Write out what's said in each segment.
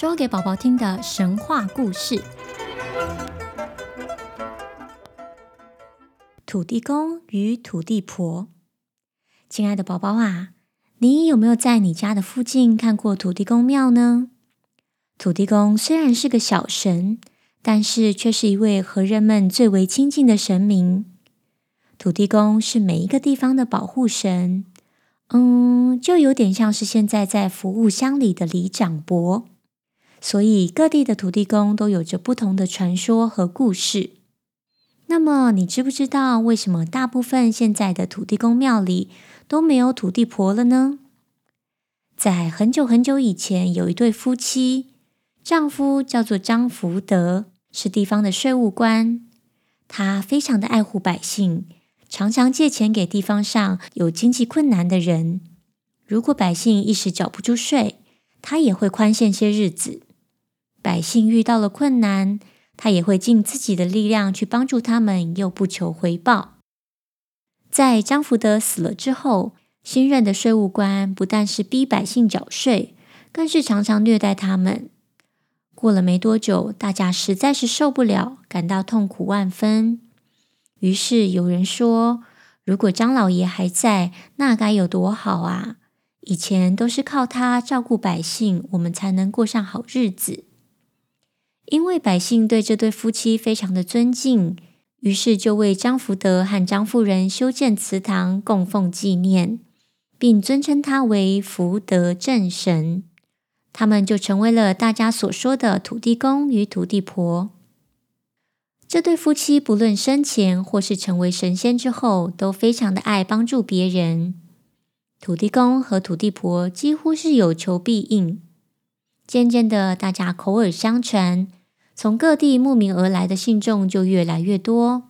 說給寶寶聽的神話故事：土地公與土地婆。親愛的寶寶啊，你有沒有在你家的附近看過土地公廟呢？土地公雖然是個小神，但是卻是一位和人們最為親近的神明。土地公是每一個地方的保護神，嗯，就有點像是現在在服務鄉里的里長伯。所以各地的土地公都有着不同的傳說和故事。那麼，你知不知道為什麼大部分現在的土地公廟裡都沒有土地婆了呢？在很久很久以前，有一對夫妻，丈夫叫做張福德，是地方的稅務官，他非常的愛護百姓，常常借錢給地方上有經濟困難的人。如果百姓一時繳不出稅，他也會寬限些日子。百姓遇到了困難，他也會盡自己的力量去幫助他們，又不求回報。在張福德死了之後，新任的稅務官不但是逼百姓繳稅，更是常常虐待他們。過了沒多久，大家實在是受不了，感到痛苦萬分。於是有人說：“如果張老爺還在，那該有多好啊！以前都是靠他照顧百姓，我們才能過上好日子。”因為百姓對這對夫妻非常的尊敬，於是就為張福德和張夫人修建祠堂，供奉紀念，並尊稱他為福德正神。他們就成為了大家所說的土地公與土地婆。這對夫妻不論生前或是成為神仙之後，都非常的愛幫助別人。土地公和土地婆幾乎是有求必應。漸漸的，大家口耳相傳。從各地慕名而來的信眾就越來越多。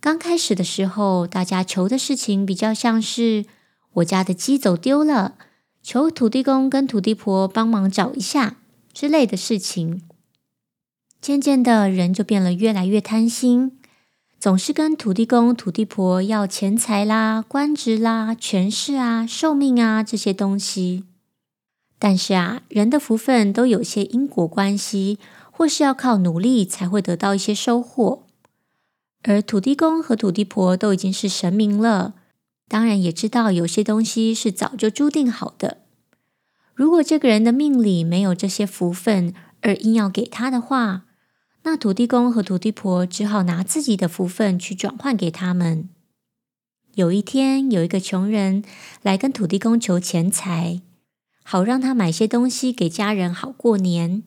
剛開始的時候，大家求的事情比較像是，我家的雞走丟了，求土地公跟土地婆幫忙找一下之類的事情。漸漸的，人就變得越來越貪心，總是跟土地公、土地婆要錢財啦、官職啦、權勢啊、壽命啊這些東西。但是啊，人的福分都有些因果關係。或是要靠努力才會得到一些收穫，而土地公和土地婆都已經是神明了，當然也知道有些東西是早就注定好的。如果這個人的命裡沒有這些福分，而硬要給他的話，那土地公和土地婆只好拿自己的福分去轉換給他們。有一天，有一個窮人來跟土地公求錢財，好讓他買些東西給家人，好過年。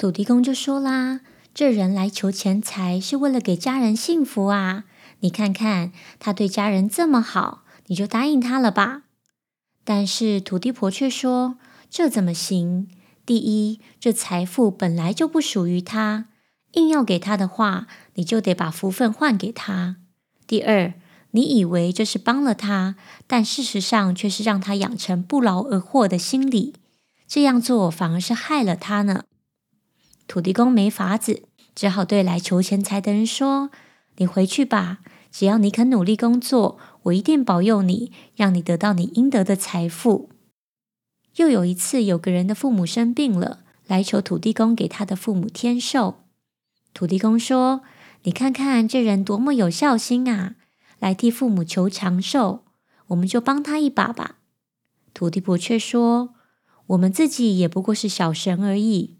土地公就說啦：「這人來求錢財，是為了給家人幸福啊！你看看他對家人這麼好，你就答應他了吧。」但是土地婆卻說：「這怎麼行？第一，這財富本來就不屬於他，硬要給他的話，你就得把福分換給他。第二，你以為這是幫了他，但事實上卻是讓他養成不勞而獲的心理，這樣做反而是害了他呢。」土地公沒法子，只好對來求錢財的人說：“你回去吧，只要你肯努力工作，我一定保佑你，讓你得到你應得的財富。”又有一次，有個人的父母生病了，來求土地公給他的父母添壽。土地公說：“你看看這人多麼有孝心啊，來替父母求長壽，我們就幫他一把吧。”土地婆卻說：“我們自己也不過是小神而已。”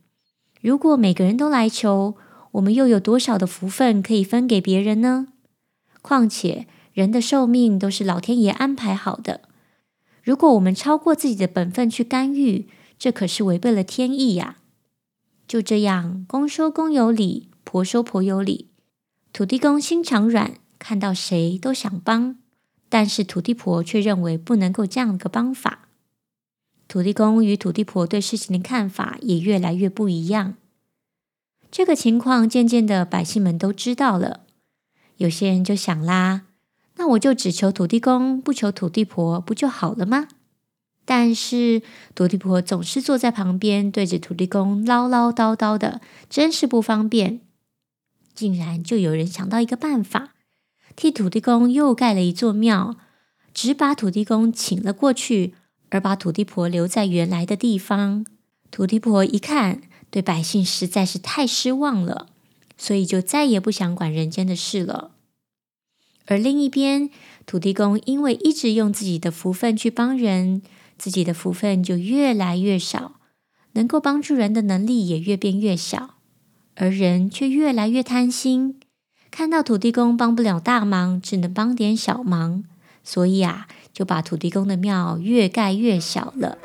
如果每個人都來求，我們又有多少的福分可以分給別人呢？況且人的壽命都是老天爺安排好的，如果我們超過自己的本分去干預，這可是違背了天意呀、啊。就這樣，公說公有理，婆說婆有理，土地公心腸軟，看到誰都想幫，但是土地婆卻認為不能夠這樣一個幫法。土地公與土地婆對事情的看法也越來越不一樣。這個情況漸漸的百姓們都知道了，有些人就想啦，那我就只求土地公，不求土地婆，不就好了嗎？但是土地婆總是坐在旁邊，對着土地公嘮嘮叨叨的，真是不方便。竟然就有人想到一個辦法，替土地公又蓋了一座廟，只把土地公請了過去。而把土地婆留在原來的地方。土地婆一看，對百姓實在是太失望了，所以就再也不想管人間的事了。而另一邊，土地公因為一直用自己的福分去幫人，自己的福分就越來越少，能夠幫助人的能力也越變越小，而人却越來越貪心，看到土地公幫不了大忙，只能幫點小忙。所以啊，就把土地公的廟越蓋越小了。